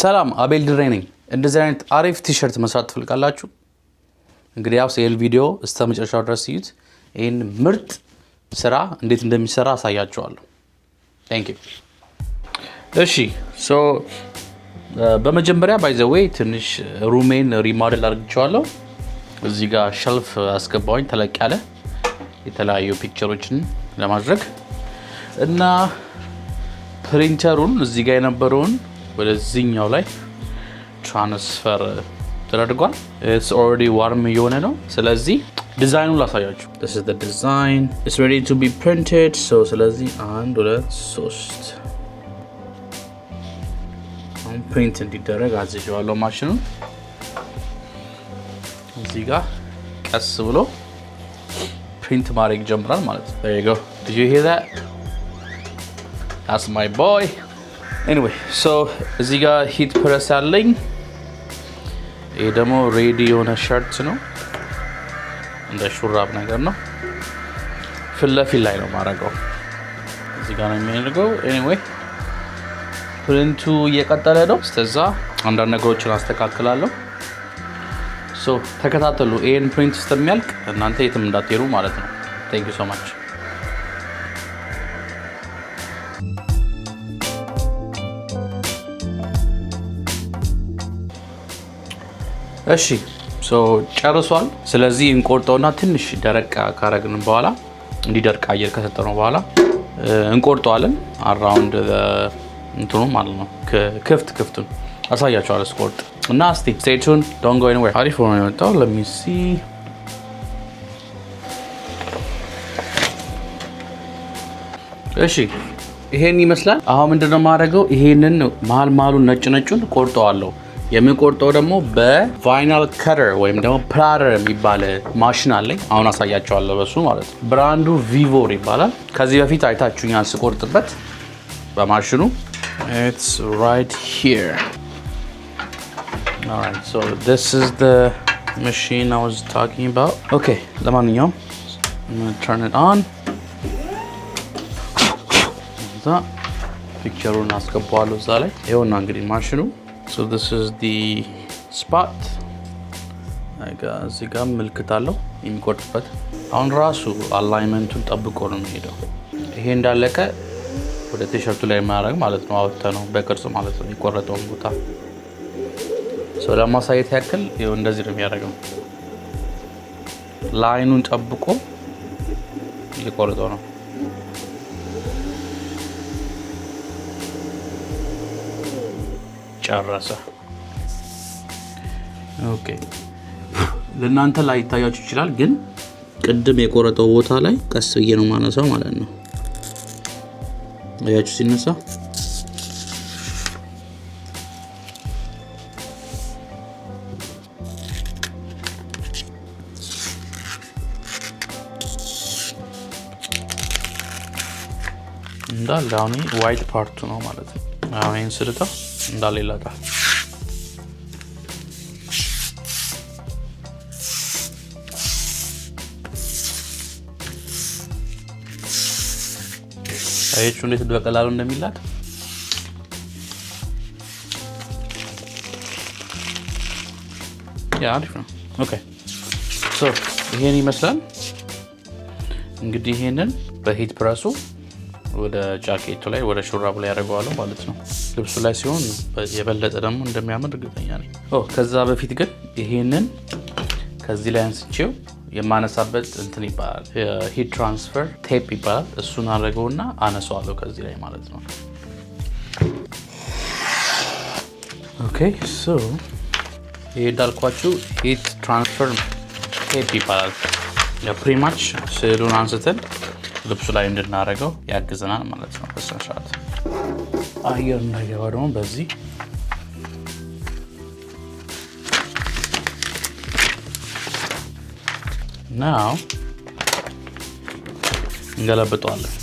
ሰላም አቤል ድሬ ነኝ። እንደዚህ አይነት አሪፍ ቲሸርት መስራት ትፈልጋላችሁ? እንግዲህ ያው ሴል ቪዲዮ እስከ መጨረሻው ድረስ እዩት። ይህን ምርጥ ስራ እንዴት እንደሚሰራ አሳያችኋለሁ። ቴንክ ዩ። እሺ ሶ uh, በመጀመሪያ ባይ ዘ ዌይ ትንሽ ሩሜን ሪማደል አድርግቸዋለሁ። እዚህ ጋር ሸልፍ አስገባኝ ተለቅ ያለ የተለያዩ ፒክቸሮችን ለማድረግ እና ፕሪንተሩን እዚህ ጋር የነበረውን ወደዚህኛው ላይ ትራንስፈር ተደርጓል። ኢትስ ኦልሬዲ ዋርም እየሆነ ነው። ስለዚህ ዲዛይኑን ላሳያችሁ። ስ ዲዛይን ኢትስ ሬዲ ቱ ቢ ፕሪንትድ። ስለዚህ አንድ ሁለት ሶስት አሁን ፕሪንት እንዲደረግ አዝዤዋለሁ ማሽኑን። እዚህ ጋር ቀስ ብሎ ፕሪንት ማድረግ ይጀምራል ማለት ነው። ዩ ሄ ዳትስ ማይ ቦይ ኤኒዌይ ሶ እዚህ ጋር ሂት ፕረስ አለኝ። ይህ ደግሞ ሬዲ የሆነ ሸርት ነው፣ እንደ ሹራብ ነገር ነው። ፊት ለፊት ላይ ነው ማድረገው፣ እዚህ ጋር ነው የሚያደርገው። ኤኒዌይ ፕሪንቱ እየቀጠለ ነው። ስተዛ አንዳንድ ነገሮችን አስተካክላለሁ። ሶ ተከታተሉ፣ ይህን ፕሪንት እስከሚያልቅ እናንተ የትም እንዳትሄዱ ማለት ነው። ታንክ ዩ ሶ ማች እሺ ጨርሷል። ስለዚህ እንቆርጠውና ትንሽ ደረቅ ካረግን በኋላ እንዲደርቅ አየር ከሰጠነው በኋላ እንቆርጠዋለን። አራውንድ እንትኑ ማለት ነው። ክፍት ክፍቱን አሳያቸዋለሁ ስቆርጥ እና እስቲ ስቴቱን ዶንጎይን ወይ አሪፍ ሆኖ የመጣው ለሚሲ እሺ ይሄን ይመስላል። አሁን ምንድነው የማደርገው? ይሄንን መሀል መሀሉን ነጭ ነጩን ቆርጠዋለሁ። የሚቆርጠው ደግሞ በቫይናል ከተር ወይም ደግሞ ፕላደር የሚባል ማሽን አለኝ። አሁን አሳያቸዋለሁ። በሱ ማለት ነው። ብራንዱ ቪቮር ይባላል። ከዚህ በፊት አይታችሁኛል ስቆርጥበት በማሽኑ ኢትስ ራይት ሂር ለማንኛውም ተርን ኢት ኦን ፒክቸሩን አስገባዋለሁ እዛ ላይ ይኸውና እንግዲህ ማሽኑ ሶ ዚስ ኢዝ ዲ ስፓት እዚህ ጋር ምልክት አለው የሚቆርጥበት። አሁን ራሱ አላይመንቱን ጠብቆ ነው የሚሄደው። ይሄ እንዳለቀ ወደ ቲሸርቱ ላይ የማያደረግ ማለት ነው። አወተ ነው በቅርጽ ማለት ነው የቆረጠውን ቦታ ሰው ለማሳየት ያክል እንደዚህ ነው የሚያደርገው። ለአይኑን ጠብቆ እየቆረጠው ነው። ጨረሰ። ኦኬ ለእናንተ ላይ ይታያችሁ ይችላል፣ ግን ቅድም የቆረጠው ቦታ ላይ ቀስ ብዬ ነው ማነሳው ማለት ነው። አያችሁ ሲነሳ እንዳለ አሁን ዋይት ፓርቱ ነው ማለት ነው። አሁን ስልተው እንዳለ ይላቃል። አያችሁ እንዴት በቀላሉ እንደሚላክ። ያ አሪፍ ነው። ኦኬ ሶ ይሄን ይመስላል እንግዲህ። ይሄንን በሂት ፕረሱ ወደ ጃኬቱ ላይ ወደ ሹራቡ ላይ ያደርገዋለሁ ማለት ነው። ልብሱ ላይ ሲሆን የበለጠ ደግሞ እንደሚያምር እርግጠኛ ነኝ። ከዛ በፊት ግን ይሄንን ከዚህ ላይ አንስቼው የማነሳበት እንትን ይባላል፣ ሂት ትራንስፈር ቴፕ ይባላል። እሱን አድርገውና አነሳዋለሁ ከዚህ ላይ ማለት ነው። ኦኬ ሶ ይሄ እንዳልኳችሁ ሂት ትራንስፈር ቴፕ ይባላል። ፕሪማች ስዕሉን አንስተን ልብሱ ላይ እንድናደርገው ያግዘናል ማለት ነው። አየር እንዳይገባ ደግሞ በዚህ ናው እንገለብጠዋለን።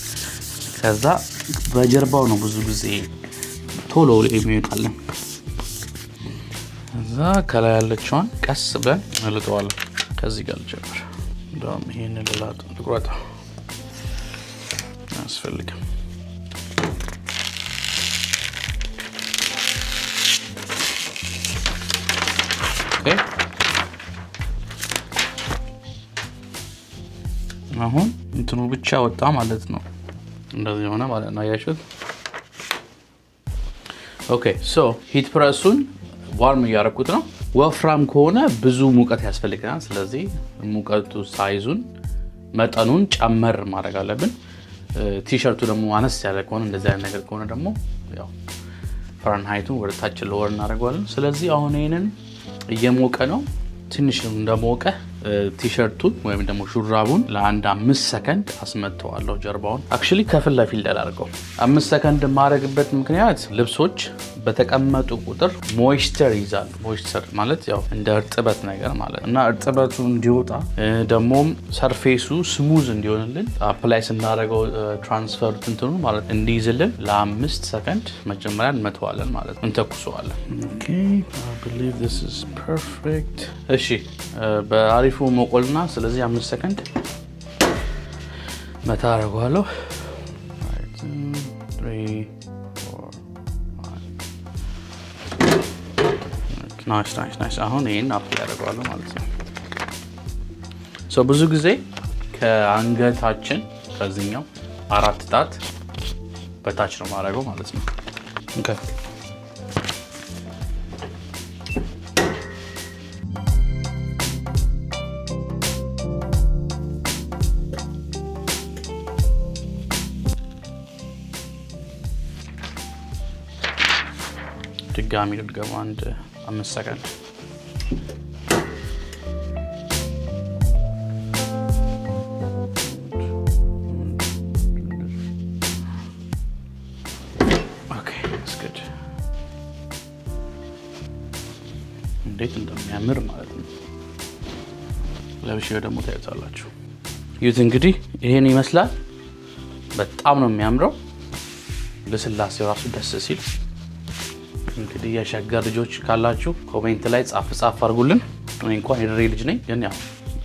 ከዛ በጀርባው ነው ብዙ ጊዜ ቶሎ የሚወጣለን። ከዛ ከላይ ያለችዋን ቀስ ብለን እንልጠዋለን። ከዚህ ጋር ልጀምር። እንደውም ይሄንን ልላጥ፣ ትቁረጣ አያስፈልግም። አሁን እንትኑ ብቻ ወጣ ማለት ነው። እንደዚህ የሆነ ማለት ነው። አያችሁት? ኦኬ ሶ ሂት ፕረሱን ዋርም እያረኩት ነው። ወፍራም ከሆነ ብዙ ሙቀት ያስፈልገናል። ስለዚህ ሙቀቱ ሳይዙን መጠኑን ጨመር ማድረግ አለብን። ቲሸርቱ ደግሞ አነስ ያለ ከሆነ እንደዚህ አይነት ነገር ከሆነ ደግሞ ፈረንሃይቱን ወደ ታች ለወር እናደርገዋለን። ስለዚህ አሁን ይህንን እየሞቀ ነው። ትንሽ እንደሞቀ ቲሸርቱን ወይም ደግሞ ሹራቡን ለአንድ አምስት ሰከንድ አስመጥተዋለሁ ጀርባውን። አክቹዋሊ ከፊት ለፊል ላደርገው አምስት ሰከንድ የማደርግበት ምክንያት ልብሶች በተቀመጡ ቁጥር ሞይስቸር ይዛል። ሞይስቸር ማለት ያው እንደ እርጥበት ነገር ማለት እና እርጥበቱ እንዲወጣ ደግሞም ሰርፌሱ ስሙዝ እንዲሆንልን አፕላይ ስናደርገው ትራንስፈር ትንትኑ ማለት እንዲይዝልን ለአምስት ሰከንድ መጀመሪያ እንመተዋለን ማለት እንተኩሰዋለን። እሺ በአሪፉ መቆልና ስለዚህ አምስት ሰከንድ መታ አደርገዋለሁ። ናይስ ናይስ ናይስ። አሁን ይህን አፕ ያደርገዋለሁ ማለት ነው። ብዙ ጊዜ ከአንገታችን ከዚህኛው አራት ጣት በታች ነው ማድረገው ማለት ነው። ድጋሚ ልድገማ አንድ አመሰግናለሁ። እንዴት እንደሚያምር ማለት ነው። ለብሼው ደግሞ ታዩታላችሁ። ይሁት እንግዲህ ይህን ይመስላል። በጣም ነው የሚያምረው። ለስላሴው ራሱ ደስ ሲል እንግዲህ የሸገር ልጆች ካላችሁ ኮሜንት ላይ ጻፍ ጻፍ አድርጉልን። እኔ እንኳን የድሬ ልጅ ነኝ፣ ግን ያው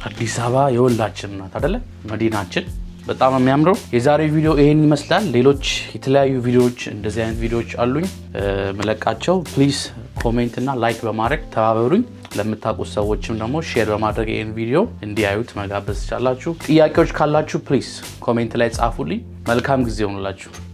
አዲስ አበባ የወላችን ናት አደለ? መዲናችን በጣም የሚያምረው። የዛሬው ቪዲዮ ይሄን ይመስላል። ሌሎች የተለያዩ ቪዲዮዎች እንደዚህ አይነት ቪዲዮዎች አሉኝ መለቃቸው። ፕሊስ ኮሜንት እና ላይክ በማድረግ ተባበሩኝ። ለምታውቁት ሰዎችም ደግሞ ሼር በማድረግ ይህን ቪዲዮ እንዲያዩት መጋበዝ ትቻላችሁ። ጥያቄዎች ካላችሁ ፕሊስ ኮሜንት ላይ ጻፉልኝ። መልካም ጊዜ ሆኑላችሁ።